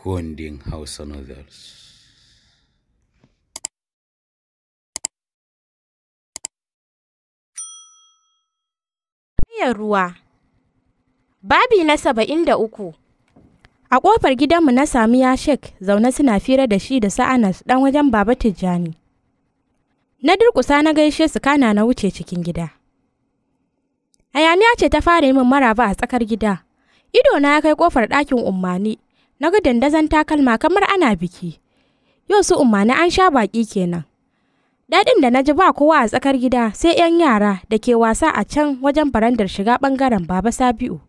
kundin Hausa Novels. Hanyar ruwa Babi na saba'in da uku A ƙofar gidanmu na sami ya shek zaune suna fira da shi da sa'anas ɗan wajen baba Tijjani. Na durƙusa na gaishe su kana na wuce cikin gida. Hayaniya ce ta fara yi min maraba a tsakar gida. Ido na ya kai ƙofar ɗakin umarni. na ga dandazon takalma kamar ana biki yau su na an sha baki kenan daɗin da na ji ba kowa a tsakar gida sai 'yan yara da ke wasa a can wajen barandar shiga bangaren baba sabi'u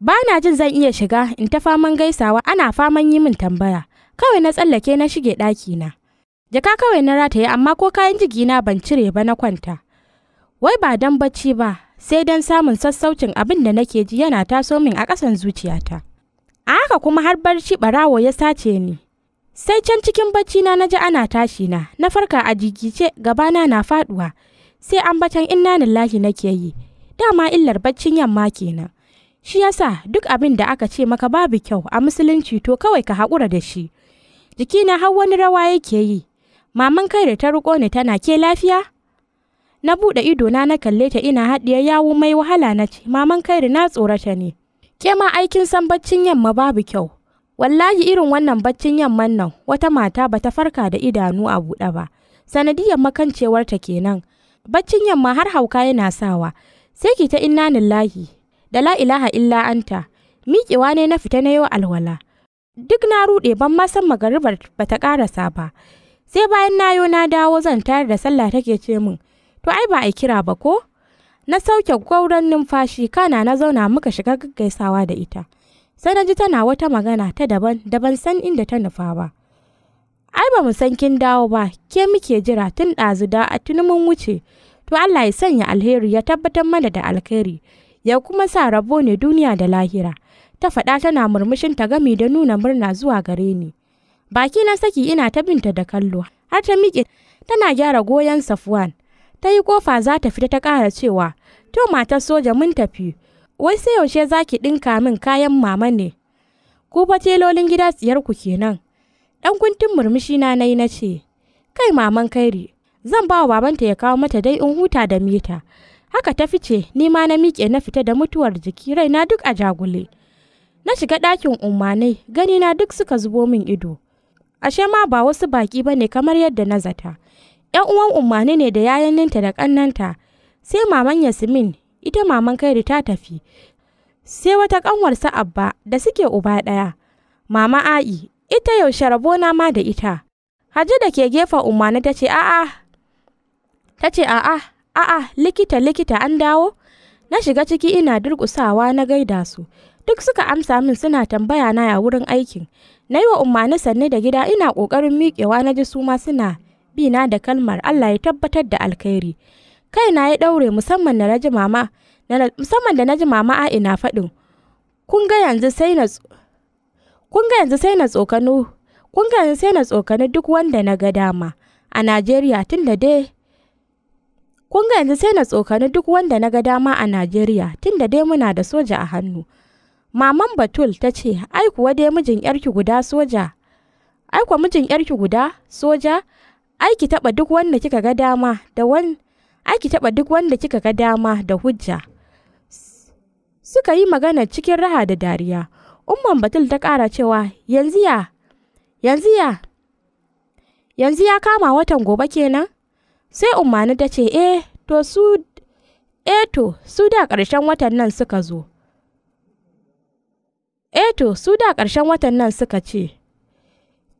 ba na jin zan iya shiga in ta faman gaisawa ana faman yi min tambaya kawai na tsallake na shige na jaka kawai na rataye amma ko kayan jigina ban cire ba na kwanta wai ba dan bacci ba sai dan samun sassaucin abin da nake ji yana taso min a ƙasan zuciyata. a haka kuma har barci barawo ya sace ni sai can cikin bacci na naji ana tashi na na farka a jigice gabana na faduwa sai an bacan inna lillahi nake yi dama illar baccin yamma kenan shi yasa duk abin da aka ce maka babu kyau a musulunci to kawai ka haƙura da shi jiki na har wani rawa yake yi maman kai da ta ruko ni tana ke lafiya na buɗe idona na kalle ta ina hadiyar yawo mai wahala na ce maman kairi na tsorata ne Ke ma aikin san baccin yamma babu kyau. Wallahi irin wannan baccin yamman nan wata mata bata farka da idanu a buɗe ba. Sanadiyar makancewarta kenan. Baccin yamma har hauka yana sawa. Sai ki ta inna lillahi da la ilaha illa anta. Miƙewa ne na fita na yau alwala. Duk na ruɗe ban ma san magaribar bata karasa ba. Sai bayan na nayo na dawo zan tayar da sallah take ce min. To ai ba a kira ba ko? na sauke gwauron numfashi kana na zauna muka shiga gaggaisawa da ita sai na ji tana wata magana ta daban daban san inda ta nufa ba ai ba mu san kin dawo ba ke muke jira tun ɗazu da a tuni mun wuce to Allah ya sanya alheri ya tabbatar mana da alheri ya kuma sa rabo ne duniya da lahira ta faɗa tana murmushin ta gami da nuna murna zuwa gare ni baki na saki ina ta binta da kallo har ta miƙe tana gyara goyon Safwan ta yi kofa za ta fita ta ƙara cewa to matar soja mun tafi wai sai yaushe za ki ɗinka min kayan mama ne ku fa telolin gida tsiyarku kenan ɗan kuntin murmushi na nayi na ce kai maman kairi zan ba wa babanta ya kawo mata dai in huta da mita haka ta fice ni ma na miƙe na fita da mutuwar jiki raina duk a jagule na shiga ɗakin ummanai ganina duk suka zubo min ido ashe ma ba wasu baƙi ba ne kamar yadda na zata 'yan uwan umarni ne da ninta da ƙannanta sai maman yasmin ita maman kairi ta tafi sai wata ƙanwarsa abba da suke uba ɗaya mama a'i ita yaushe rabona ma da ita hajji da ke gefen umarni ta ce a'a ta ce a'a a'a likita likita an dawo na shiga ciki ina durƙusawa na gaida su duk suka amsa min suna tambaya na ya wurin aikin na yi wa umarni sanne da gida ina ƙoƙarin miƙewa na ji su ma suna bina da kalmar Allah ya tabbatar da alkhairi. Kaina ya ɗaure musamman da naji mama, musamman da naji mama a ina faɗin. Kun ga yanzu sai na kun ga yanzu sai na tsokano kun ga yanzu sai na tsokano duk wanda na ga dama a Najeriya tun da dai kun ga yanzu sai na tsokano duk wanda na ga dama a Najeriya tun da dai muna da soja a hannu maman Batul ta ce ai kuwa dai mijin yarki guda soja ai kuwa mijin yarki guda soja aiki ki taɓa duk wanda kika ga dama da wan aiki ki taɓa duk wanda kika ga dama da hujja suka yi magana cikin raha da dariya umman batul ta ƙara cewa yanzu ya yanzu ya yanzu ya kama watan gobe kenan sai ummani ta ce eh to su eh to su da ƙarshen watan nan suka zo eh to su da ƙarshen watan nan suka ce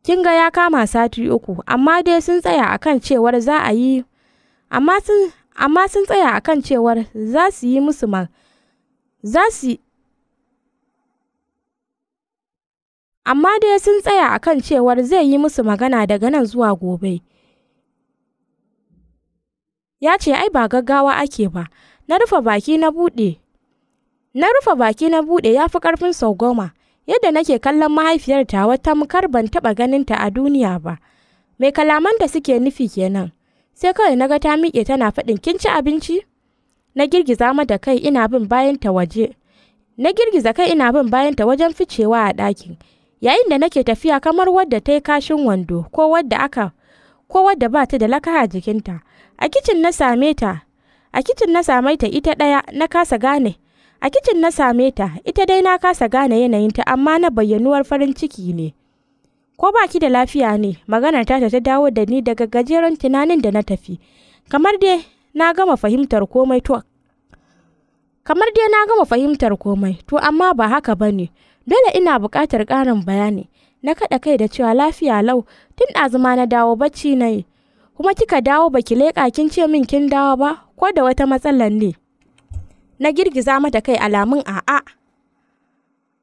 kin ga ya kama sati uku amma dai sun tsaya akan cewar za a yi amma sun amma sun tsaya akan cewar za su yi musu ma za su amma dai sun tsaya akan cewar zai yi musu magana daga nan zuwa gobe ya ce ai ba gaggawa ake ba na rufe baki na bude na rufe baki na bude ya fi karfin sau goma yadda nake kallon mahaifiyarta wata mukar ban taɓa ta a duniya ba mai kalaman da suke nufi kenan sai kawai na ga ta miƙe tana faɗin kin ci abinci na girgiza da kai ina bin bayan ta waje na girgiza kai ina bin bayan ta wajen ficewa a ɗakin yayin da nake tafiya kamar wadda ta yi kashin wando ko wadda aka ko wadda ba ta da lakaha jikinta a kicin na same ta a kicin na same ta ita ɗaya na kasa gane A kicin na same ta, ita dai na kasa gane yanayinta amma na bayyanuwar farin ciki ne. Ko baki da lafiya ne, maganar tata ta dawo da ni daga gajeren tunanin da na tafi. Kamar dai na gama fahimtar komai to kamar dai na gama fahimtar komai to amma ba haka ba ne dole ina buƙatar ƙarin bayani na kaɗa kai da cewa lafiya lau tun ɗazuma na dawo bacci na yi kuma kika dawo baki ki leƙa kin ce min kin dawo ba ko da wata matsalar ne na girgiza mata kai alamun a'a.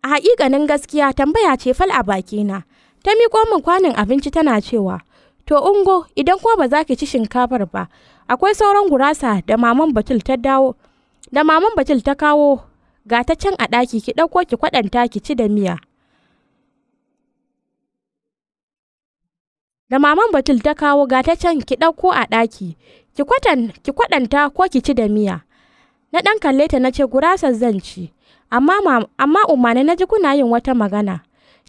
A haƙiƙanin gaskiya tambaya ce fal a bakina, ta miƙo min kwanin abinci tana cewa, To ungo idan kuma ba za ki ci shinkafar ba, akwai sauran gurasa da maman Batul ta dawo, da maman Batul ta kawo ga ta can a ɗaki ki ɗauko ki kwaɗanta ki ci da miya. Da maman Batul ta kawo ga ta can ki ɗauko a ɗaki, ki kwaɗanta ko ki ci da miya. Na ɗan kalle ta na ce gurasar zan ci, amma umarni na ji kuna yin wata magana.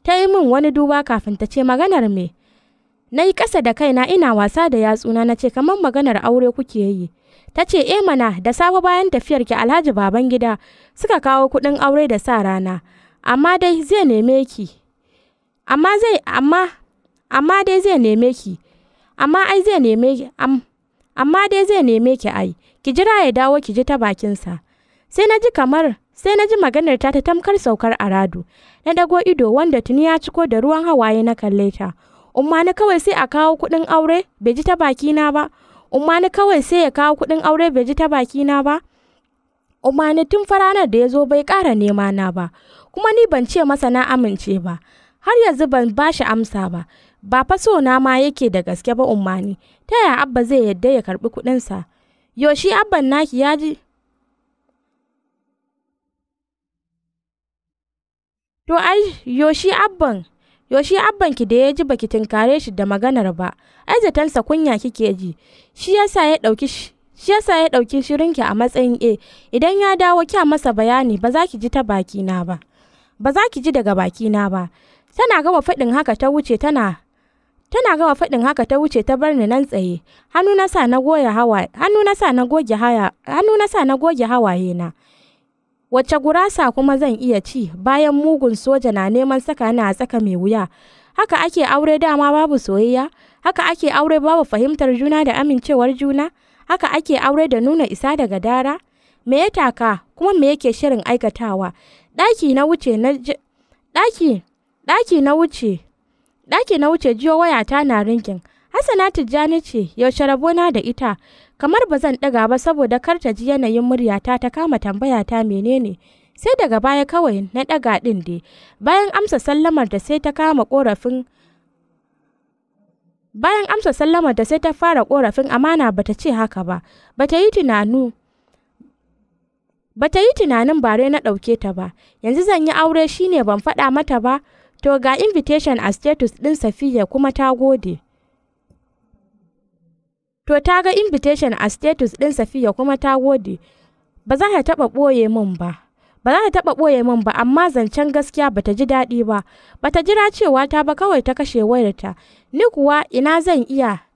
Ta yi min wani duba kafin ta ce maganar me. Na yi ƙasa da kaina ina wasa da yatsuna na ce kamar maganar aure kuke yi. Ta ce e mana da safe bayan tafiyar ki Alhaji baban gida suka kawo kuɗin aure da sa rana. Amma dai zai neme ki. Amma zai amma amma dai zai neme ki. Amma ai zai neme ki amma dai zai neme ki ai. ki jira ya dawo ki ji ta bakinsa sai na ji kamar sai na ji maganar ta ta tamkar saukar aradu na dago ido wanda tuni ya ciko da ruwan hawaye na kalle ta umma ni kawai sai a kawo kuɗin aure bai ji ta bakina ba umma ni kawai sai ya kawo kuɗin aure bai ji ta bakina ba umma ni tun faranar da ya zo bai kara nema na ba kuma ni ban ce masa na amince ba har yanzu ban ba shi amsa ba ba fa so na ma yake da gaske ba umma ni ta yaya abba zai yadda ya karɓi kuɗinsa yo shi abban naki ya ji to ai yo abban yo abban ki da ya ji baki tinkare shi da maganar ba ai zatansa kunya kike ji shi yasa ya ɗauki shi yasa ya ɗauki shirinki a matsayin a idan ya dawo kya masa bayani ba za ki ji ta baki ba ba za ki ji daga baki na ba tana gama faɗin haka ta wuce tana Tana gama faɗin haka ta wuce ta bar ni nan tsaye. Hannu na sa na goge hannu na sa na goge hawaye na. Wacce gurasa kuma zan iya ci bayan mugun soja na neman saka ni a tsaka mai wuya. Haka ake aure dama babu soyayya, haka ake aure babu fahimtar juna da amincewar juna, haka ake aure da nuna isa daga dara. Me ya taka kuma me yake shirin aikatawa? Ɗaki na wuce ɗaki ɗaki na wuce ɗaki na wuce jiyo wayata na rinkin hassana tijjani ce yaushe rabona da ita kamar ba zan ɗaga ba saboda kar ta ji yanayin muryata ta kama tambaya ta menene sai daga baya kawai na ɗaga ɗin dai bayan amsa sallamar da sai ta kama ƙorafin bayan amsa sallamar da sai ta fara ƙorafin amana bata ce haka ba bata yi yi tunanin bare na ɗauke ta ba yanzu zan yi aure shine ban faɗa mata ba To ga invitation a status ɗin Safiya kuma ta gode. To ta ga invitation a status ɗin Safiya kuma ta gode. Ba za ta taɓa ɓoye min ba. Ba za ta taɓa ɓoye min ba amma zancen gaskiya ba ta ji daɗi ba. Ba ta jira cewa ta ba kawai ta kashe wayarta. Ni kuwa ina zan iya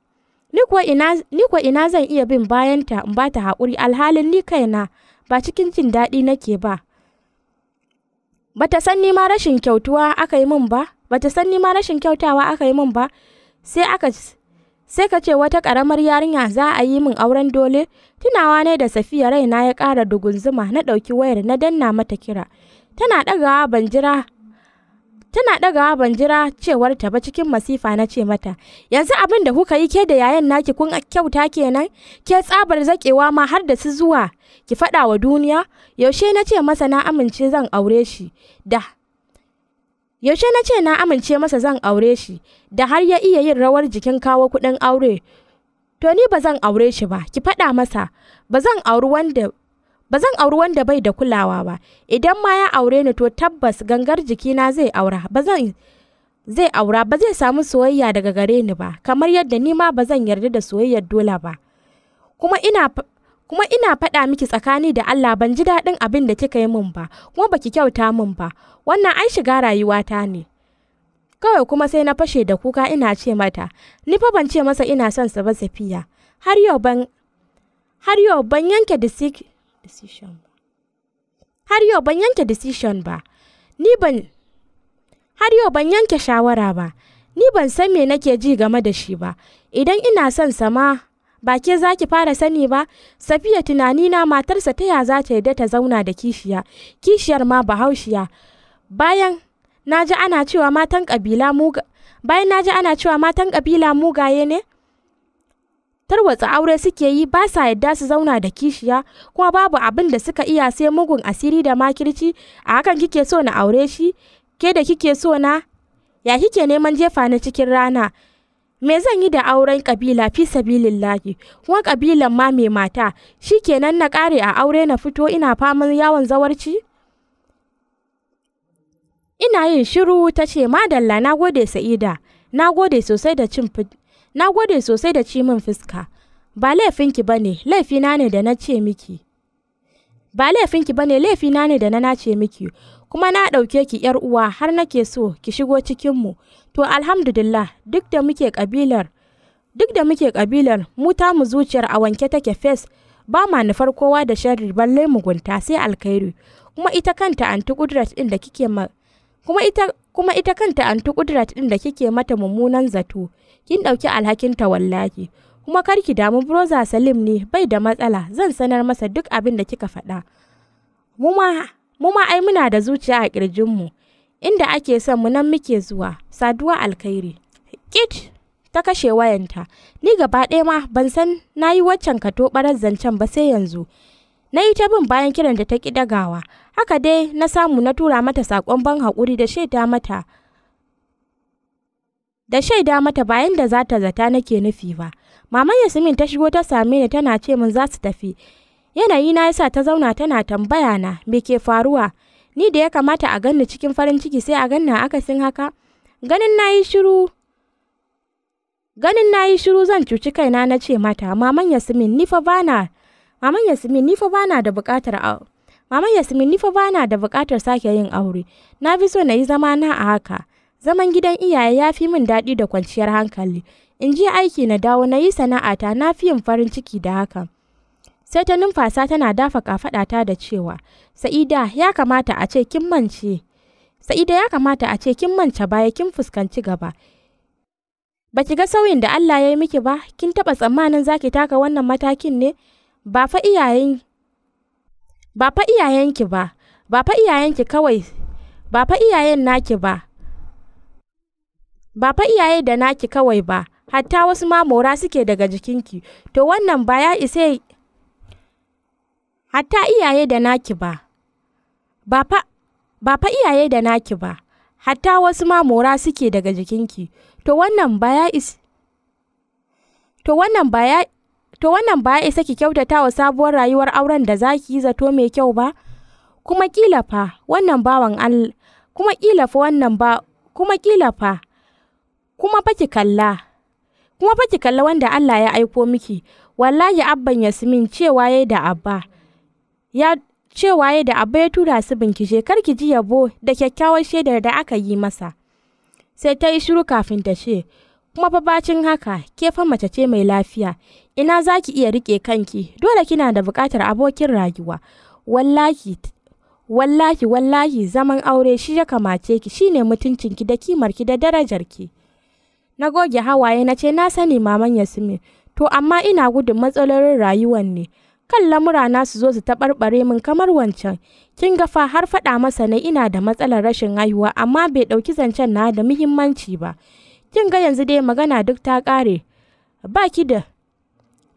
ni kuwa ina zan iya bin bayanta in ba ta haƙuri alhalin ni kaina ba cikin jin daɗi nake ba. bata san ni rashin kyautuwa aka yi min ba bata san ni rashin kyautawa aka yi min ba sai aka sai ka ce wata ƙaramar yarinya za a yi min auren dole tunawa ne da safiya raina ya ƙara dugunzuma na ɗauki wayar na danna mata kira tana ɗagawa ban jira tana ɗagawa ban jira cewar ta ba cikin masifa na ce mata yanzu abin da kuka yi ke da yayan naki kun kyauta kenan ke tsabar zakewa ma har da su zuwa ki faɗa wa duniya yaushe na ce masa na amince zan aure shi da yaushe na ce na amince masa zan aure shi da har ya iya yin rawar jikin kawo kuɗin aure to ni ba zan aure shi ba ki faɗa masa ba zan auri wanda ba zan auri wanda bai da kulawa ba idan ma ya aure ni to tabbas gangar jikina zai aura ba zan zai aura ba zai samu soyayya daga gare ni ba kamar yadda ni ma ba zan yarda da soyayyar dola ba kuma ina kuma ina faɗa miki tsakani da Allah ban ji daɗin abin da kika yi min ba kuma baki kyauta min ba wannan ai shiga rayuwata ne kawai kuma sai na fashe da kuka ina ce mata ni fa ban ce masa ina son sa ba safiya har yau ban har yau ban yanke disik decision ba har yau ban yanke decision ba ni ban har yau ban yanke shawara ba ni ban san me nake ji game da shi ba idan ina son sama ba ke za ki fara sani ba safiya tunanina matarsa ta ya za ta yadda ta zauna da kishiya kishiyar ma bahaushiya bayan na ji ana cewa matan kabila muga bayan na ji ana cewa matan kabila mugaye ne tarwatsa aure suke yi ba sa yadda su zauna da kishiya kuma babu abin da suka iya sai mugun asiri da makirci a hakan kike so na aure shi ke da kike so na ya kike neman jefa na cikin rana me zan yi da auren kabila fi sabilin laki kuma kabilan ma mai mata shi kenan na kare a aure na fito ina faman yawon zawarci ina yin shiru ta ce madalla na gode sa'ida na gode sosai da cin Na gode sosai da ci min fuska. Ba laifinki ba ne, laifina ne da na ce miki. Ba laifinki ba ne, laifina ne da na nace miki. Kuma na ɗauke ki ‘yar uwa har nake so ki shigo cikinmu. To alhamdulillah duk da muke ƙabilar duk da muke ƙabilar mu ta mu zuciyar a wanke take fes ba ma nufar kowa da sharri balle mugunta sai alkhairi kuma ita kanta anti kudrat din da kike kuma ita kuma ita kanta anti kudrat din da kike mata mummunan zato kin dauki alhakinta wallahi kuma kar ki damu broza salim ne bai da matsala zan sanar masa duk abin da kika faɗa mu ma ai muna da zuciya a kirjin mu. inda ake son mu nan muke zuwa saduwa alkhairi kit ta kashe wayanta ni gaba ɗaya ma ban san nayi yi waccan kato barar zancen ba sai yanzu na yi ta bin bayan kiran da ta ƙi dagawa haka dai na samu na tura mata sakon ban haƙuri da shaida mata da shaida mata bayan da za ta zata nake nufi ba maman yasmin ta shigo ta same ni tana ce min za su tafi yanayi na yasa ta zauna tana tambaya na me ke faruwa ni da ya kamata a ganni cikin farin ciki sai a ganna akasin haka ganin na yi shiru ganin na shiru zan cuci kaina na ce mata maman yasmin ni fa bana maman yasmin ni fa bana da buƙatar Mama Yasmin ni fa bana da buƙatar sake yin aure. Na fi so na yi zama na a haka. Zaman gidan iyaye ya fi min daɗi da kwanciyar hankali. In je aiki na dawo na yi sana'ata na fi yin farin ciki da haka. Sai ta numfasa tana dafa kafaɗata da cewa, Sa'ida ya kamata a ce kin mance. Sa'ida ya kamata a ce kin mance baya kin fuskanci gaba. Ba ki ga sauyin da Allah ya yi miki ba, kin taɓa tsammanin za ki taka wannan matakin ne? Ba fa iyayen ba fa iyayenki ba ba fa iyayenki kawai ba fa iyayen naki ba ba fa iyaye da naki kawai ba hatta wasu ma mora suke daga jikinki to wannan ba ya isa hatta iyaye da naki ba ba fa iyaye da naki ba hatta wasu ma mora suke daga jikinki to wannan ba ya isa. to wannan ba ya to wannan ba ya isa ki kyautata wa sabuwar rayuwar auren da za ki yi zato mai kyau ba kuma kila fa wannan bawan kuma kila fa wannan ba kuma kila fa kuma fa ki kalla kuma fa ki kalla wanda Allah ya aiko miki wallahi abban Yasmin cewa yayi da abba ya cewa yayi da abba ya tura su bincike kar ki ji yabo da kyakkyawar shaidar da aka yi masa sai ta yi shiru kafin ta ce kuma fa haka ke fa mace ce mai lafiya ina zaki iya rike kanki dole kina da buƙatar abokin rayuwa wallahi wallahi wallahi zaman aure shi ya kamace ki shine mutuncinki da kimarki da darajarki na goge hawaye na ce na sani maman yasmin to amma ina gudun matsalolin rayuwan ne kan lamura na su zo su taɓarɓare min kamar wancan kin ga fa har faɗa masa ne ina da matsalar rashin haihuwa amma bai ɗauki zancen na da muhimmanci ba kin ga yanzu dai magana duk ta ƙare ba ki da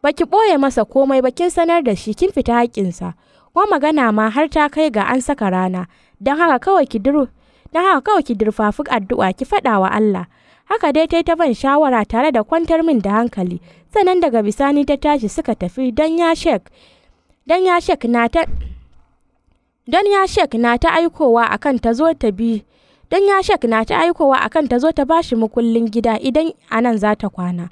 ba ki ɓoye masa komai ba kin sanar da shi kin fita haƙƙinsa ko magana ma har ta kai ga an saka rana don haka kawai ki duru don haka kawai ki durfafi addu'a ki faɗa wa Allah haka dai ta yi ta ban shawara tare da kwantar min da hankali sannan daga bisani ta tashi suka tafi don ya shek don ya shek na ta don ya shek na ta aikowa akan ta zo ta bi don ya shek na ta aikowa kan ta zo ta bashi mukullin gida idan a nan za ta kwana.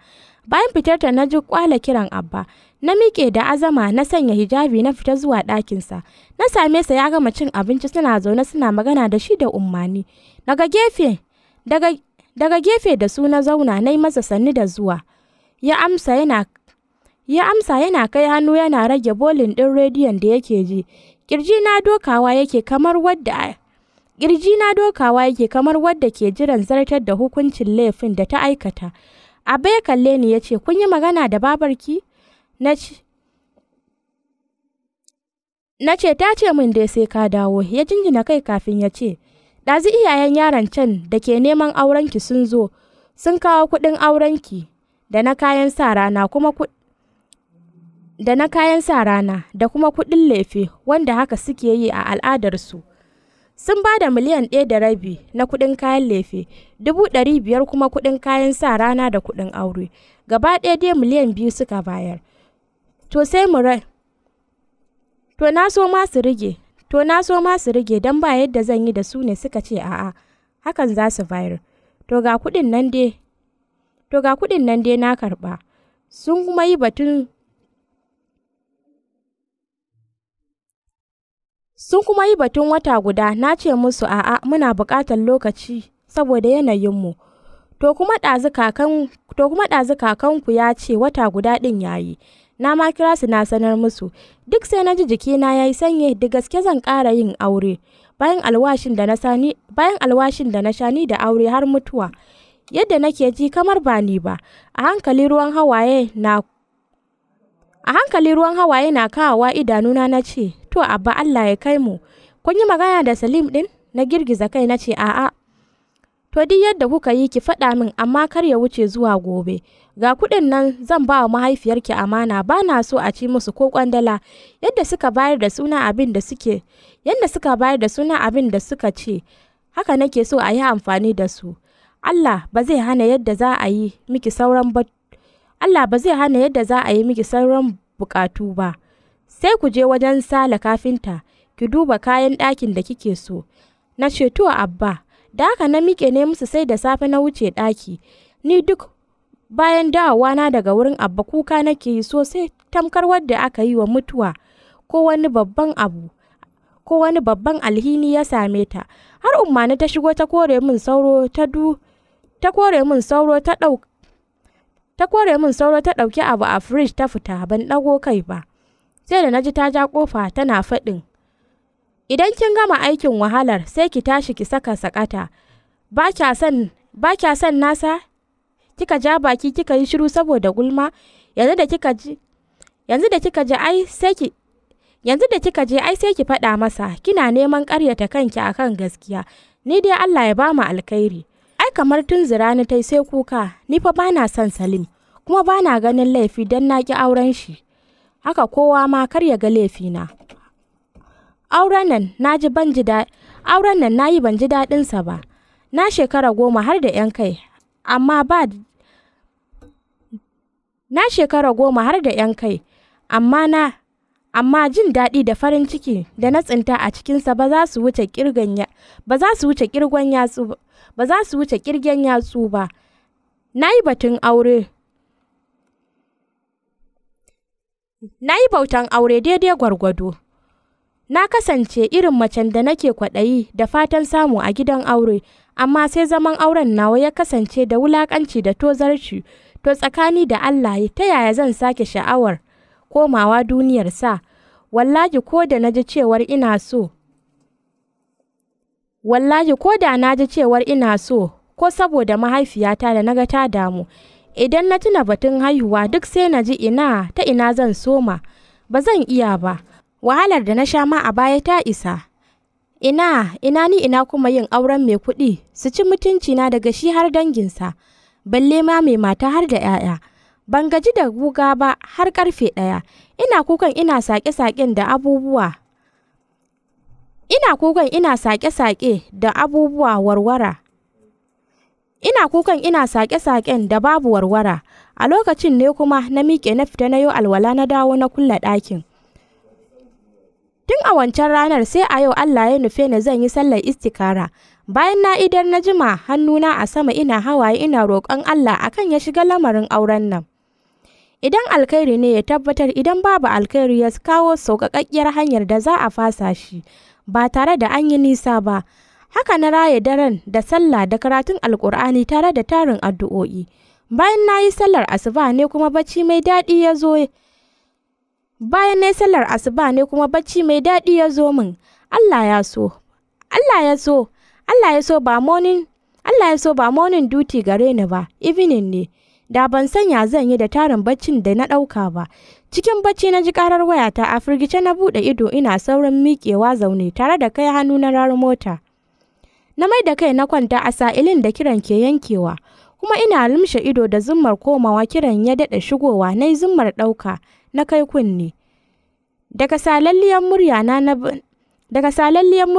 Bayan fitar ta na ji kwala kiran Abba, na miƙe da azama na sanya hijabi na fita zuwa ɗakinsa. Na same sa ya gama cin abinci suna zaune suna magana da shi da ummani. Daga gefe, da su na zauna na yi masa sanni da zuwa. Ya amsa yana ya amsa yana kai hannu yana rage bolin ɗin rediyon da yake ji. Kirji na dokawa yake kamar wadda kirji na dokawa yake kamar wadda ke jiran zartar da hukuncin laifin da ta aikata. Abba ya kalle ni ya ce, Kun yi magana da babarki? Na ce, Ta ce min dai sai ka dawo, ya jinjina kai kafin ya ce, Ɗazu iyayen yaron can da ke neman aurenki sun zo, sun kawo kuɗin aurenki da na kayan sa rana da kuma kuɗin laifi wanda haka suke yi a al'adarsu. sun ba da miliyan ɗaya da rabi na kuɗin kayan lefe dubu ɗari biyar kuma kuɗin kayan sa rana da kuɗin aure gaba ɗaya dai miliyan biyu suka bayar to sai mu to na so ma su rige to na so ma su rige don ba yadda zan yi da su ne suka ce a'a hakan za su bayar to ga kuɗin nan dai to ga kuɗin nan dai na karɓa sun kuma yi batun Sun kuma yi batun wata guda na ce musu a'a muna buƙatar lokaci saboda yanayinmu. To kuma ɗazu kakanku ya ce wata guda ɗin yayi yi, na ma kira su na sanar musu, duk sai na ji jikina ya yi sanye da gaske zan ƙara yin aure, bayan alwashin da na sha ni da aure har mutuwa. Yadda nake ji kamar ba ni ba, a hankali ruwan hawaye na a hankali ruwan hawaye na kawawa idanuna na ce to abba Allah ya kai mu kun yi magana da Salim din na girgiza kai na ce a'a to duk yadda kuka yi ki faɗa min amma kar ya wuce zuwa gobe ga kuɗin nan zan ba wa mahaifiyarki amana ba na so a ci musu ko kwandala yadda suka bayar da suna abin da suke yadda suka bayar da suna abin da suka ce haka nake so a yi amfani da su Allah ba zai hana yadda za a yi miki sauran ba Allah ba zai hana yadda za a yi miki sauran bukatu ba sai ku je wajen Sale kafinta ki duba kayan ɗakin da kike so. Na ceto abba, da haka na miƙe ne musu sai da safe na wuce ɗaki. Ni duk bayan dawowa na daga wurin abba kuka nake yi sosai tamkar wadda aka yi wa mutuwa ko wani babban abu. Ko wani babban alhini ya same ta, har umarni ta shigo ta kore min sauro ta du ɗauki abu a fridge ta fita ban ɗago kai ba. sai da na ji ta ja ƙofa tana faɗin. Idan kin gama aikin wahalar sai ki tashi ki saka sakata, ba kya son nasa? Kika ja baki kika yi shiru saboda gulma, yanzu da kika ji yanzu da kika ji ai sai ki yanzu da kika je ai sai ki faɗa masa kina neman ƙaryata kanki akan gaskiya ni dai Allah ya ba mu alkhairi ai kamar tun zira ni tai sai kuka ni fa bana son Salim kuma bana ganin laifi dan na ki auren shi haka kowa ma kar ya ga laifina. Auren nan na auren nan na yi ban ji daɗinsa ba, na shekara goma har da ‘yan kai, amma ba na shekara goma har da ‘yan kai, amma na amma jin daɗi da farin ciki da na tsinta a cikinsa ba za su wuce kirgan yatsu ba za yatsu ba na yi batun aure Na yi bautan aure daidai gwargwado. Na kasance irin macen da nake kwaɗayi da fatan samu a gidan aure, amma sai zaman auren nawa ya kasance da wulaƙanci da tozarci, to tsakani da Allah ta yaya zan sake sha'awar komawa duniyar sa, wallahi ko da na ji cewar ina so. Wallahi ko da na ji cewar ina so, ko saboda mahaifiyata da na ga ta damu, idan na tuna batun haihuwa duk sai na ji ina ta ina zan soma ba zan iya ba wahalar da na sha ma a baya ta isa ina ina ni ina kuma yin auren mai kuɗi su ci mutunci na daga shi har danginsa balle ma mai mata har da 'ya'ya ban gaji da guga ba har karfe ɗaya ina kukan ina sake-saken da abubuwa ina kukan ina sake-sake da abubuwa warwara Ina kukan ina sake saƙen da babu warwara, a lokacin ne kuma na miƙe na fita na yau alwala na dawo na kulle ɗakin. Tun a wancan ranar sai a yau Allah ya nufe ni zan yi sallar istikara. Bayan na idar na jima hannuna a sama ina hawaye ina roƙon Allah akan ya shiga lamarin auren nan. Idan alkhairi ne ya tabbatar idan babu alkhairi ya kawo sauƙaƙƙiyar hanyar da za a fasa shi ba tare da an yi nisa ba. Haka na raya daren da sallah da karatun alkur'ani tare da tarin addu'o'i. Bayan na yi sallar asuba ne kuma bacci mai daɗi ya zo Bayan na yi sallar asuba ne kuma bacci mai daɗi ya zo min. Allah ya so. Allah ya so. Allah ya so ba morning Allah ya so ba morning duty gare ni ba, evening ne. Da ban sanya zan yi da tarin baccin da na ɗauka ba. Cikin bacci na ji karar wayata a firgice na buɗe ido ina saurin miƙewa zaune tare da kai hannu na rarar mota. Na mai da kai na kwanta a sa'ilin da kiran ke yankewa, kuma ina lumshe ido da zummar komawa kiran ya daɗa shigowa na zummar ɗauka na kai kunne. Daga salalliyar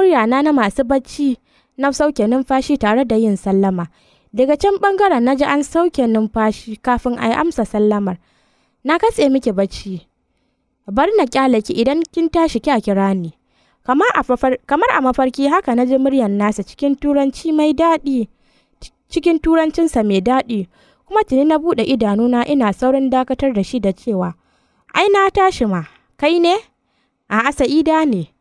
murya na na masu bacci na sauke numfashi tare da yin sallama. Daga can ɓangaren na ji an sauke numfashi kafin a yi amsa sallamar. Na katse miki bacci. Bari na kyale ki idan kin tashi kya kira ni. Kamar a mafarki haka na ji muryar nasa cikin Turanci mai daɗi, cikin Turancinsa mai daɗi, kuma tuni na buɗe idanuna ina saurin dakatar da shi da cewa, Ai, na tashi ma, kai ne? A'a, Sa'ida ne.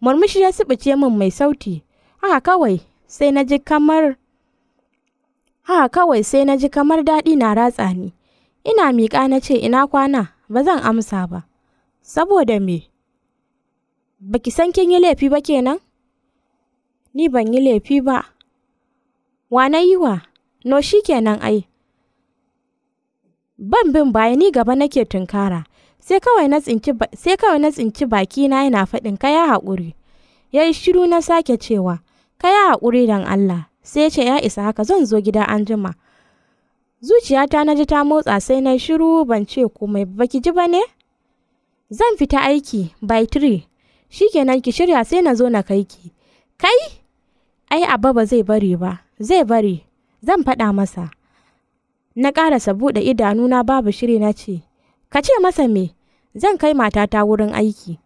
Murmushi ya sibice min mai sauti, haka kawai sai na ji kamar haka kawai sai na ji kamar daɗi na ratsa ni. Ina miƙa na ce ina kwana, ba zan amsa ba. Saboda me? baki san kin yi laifi ba kenan? Ni ban yi laifi ba. Wa na yi wa? No shi kenan ai. Ban bin baya ni gaba nake tunkara, sai kawai na tsinci baki na yana faɗin kaya haƙuri. Ya yi shiru na sake cewa, kaya hakuri don Allah, sai ce ya isa haka zan zo gida an jima. Zuciyata na ji ta motsa sai na shiru ban ce komai baki ji ba ne? Zan fita aiki by three. shikenan ki shirya sai na zo na kai ki kai ai abba ba zai bari ba zai bari zan faɗa masa na ƙarasa buɗe idanuna babu shiri na ce ka ce masa me zan kai matata wurin aiki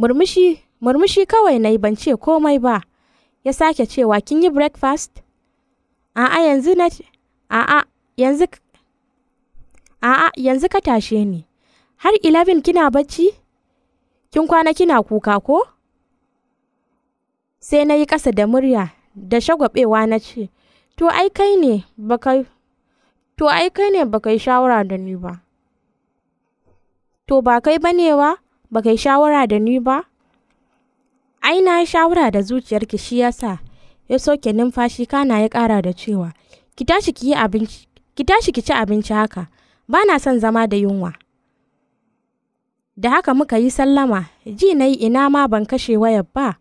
murmushi murmushi kawai na yi ban ce komai ba ya sake cewa kin yi breakfast a'a yanzu na a'a yanzu a'a yanzu ka tashe ni har 11 kina bacci Kin kwana kina kuka ko? Sai na yi ƙasa da murya da shagwabewa na ce, To ai kai ne baka To ai kai ne baka yi shawara da ni ba. To ba kai banewa baka yi shawara da ni ba? Ai na yi shawara da zuciyarki shi yasa ya soke numfashi kana ya ƙara da cewa ki tashi ki yi abinci ki tashi ki ci abinci haka ba na son zama da yunwa. da haka muka yi sallama ji na ina ma ban kashe wayar ba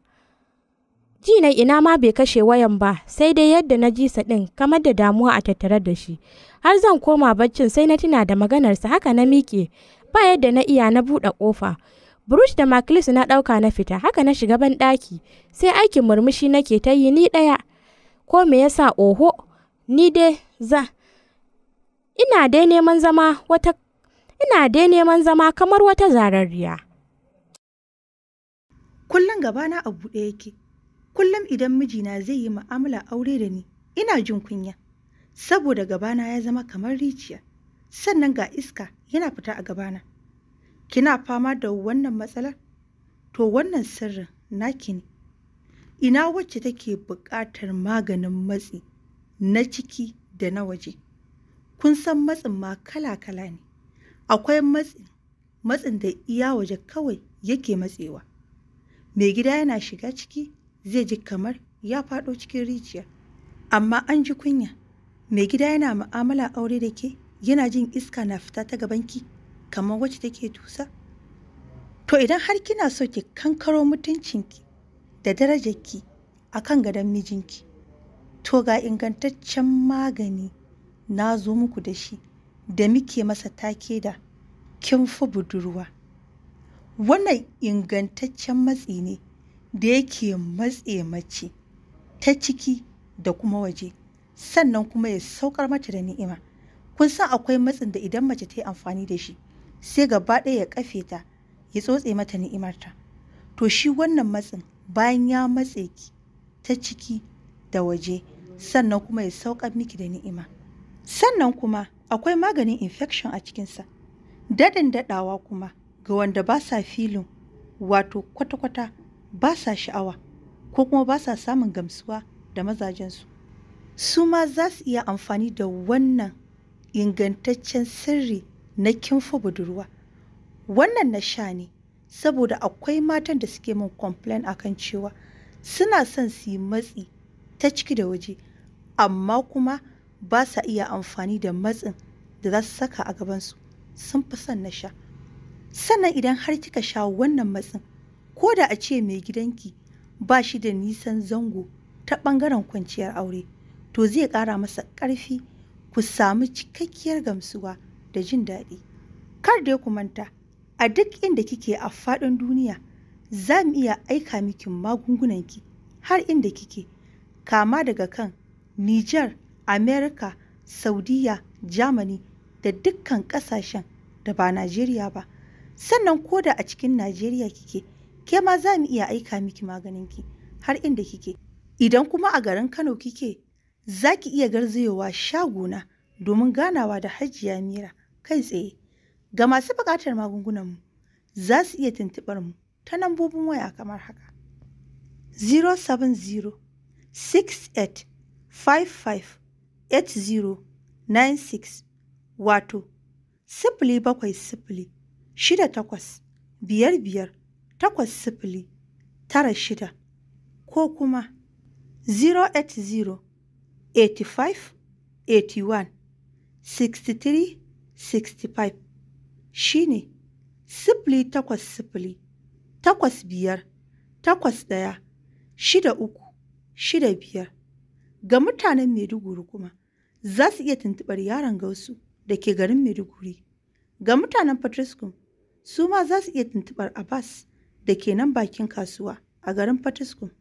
ji na ina ma bai kashe wayan ba sai dai yadda na ji sa ɗin kamar da damuwa a tattare da shi har zan koma baccin sai na tuna da maganarsa haka na miƙe ba yadda na iya na buɗe ƙofa burush da maklis na ɗauka na fita haka na shiga ban ɗaki sai aikin murmushi nake ta yi ni ɗaya ko me yasa oho ni dai za ina dai neman zama wata ina dai neman zama kamar wata zararriya. Kullum gabana a buɗe yake, kullum idan mijina zai yi ma'amala aure da ni, ina jin kunya, saboda gabana ya zama kamar rijiya, sannan ga iska yana fita a gabana. Kina fama da wannan matsalar? To wannan sirrin naki ne. Ina wacce take buƙatar maganin matsi na ciki da na waje. Kun san matsin ma kala-kala ne. akwai matsin da iya waje kawai yake matsewa mai gida yana shiga ciki zai ji kamar ya faɗo cikin rijiya amma an ji kunya mai gida yana ma'amala aure da ke yana jin iska na fita ta gabanki kamar wacce take tusa to idan har kina so ki kankaro mutuncinki da darajarki a kan gadon mijinki to ga ingantaccen magani na zo muku da shi da muke masa take da kin fi budurwa. Wannan ingantaccen matsi ne da yake matse mace ta ciki da kuma waje, sannan kuma ya saukar mata da ni'ima. Kun san akwai matsin da idan mace ta yi amfani da shi, sai gaba ɗaya ya kafe ta, ya tsotse mata ni'imarta. To shi wannan matsin bayan ya matse ki ta ciki da waje, sannan kuma ya saukar miki da ni'ima. Sannan kuma akwai maganin infection a cikinsa. Daɗin daɗawa kuma ga wanda ba sa filin wato kwata-kwata ba sa sha'awa ko kuma ba sa samun gamsuwa da mazajensu. Su ma za su iya amfani da wannan ingantaccen sirri na kimfa budurwa. Wannan na sha ne saboda akwai matan da suke min complain kan cewa suna son su yi matsi ta ciki da waje amma kuma ba sa iya amfani da matsin da za su saka a gabansu sun fi son na sha sannan idan har kika sha wannan matsin ko da a ce mai gidanki ba shi da nisan zango ta ɓangaren kwanciyar aure to zai ƙara masa ƙarfi ku samu cikakkiyar gamsuwa da jin daɗi kar da ya kumanta, a duk inda kike a faɗin duniya za mu iya aika miki magungunanki har inda kike kama daga kan Nijar Amerika, Saudiyya, Jamani da dukkan ƙasashen da ba Najeriya ba. Sannan ko da a cikin Najeriya kike, ke ma za mu iya aika miki maganinki har inda kike. Idan kuma a garin Kano kike, za ki iya garzayowa shaguna domin ganawa da Hajiya Mira kai tsaye. Ga masu buƙatar magungunanmu, za su iya tuntuɓar mu ta lambobin waya kamar haka. 070 68 8096 wato, sifili bakwai sifili shida takwas biyar biyar takwas sifili tara shida ko kuma 080 85 81 63 65 shine ne sifili takwas sifili takwas biyar takwas ɗaya shida uku shida biyar ga mutanen Maiduguri kuma za su iya tuntuɓar yaron gausu da ke garin Maiduguri. Ga mutanen Patiskum, su ma za su iya tuntuɓar Abbas da ke nan bakin kasuwa a garin Patiskum.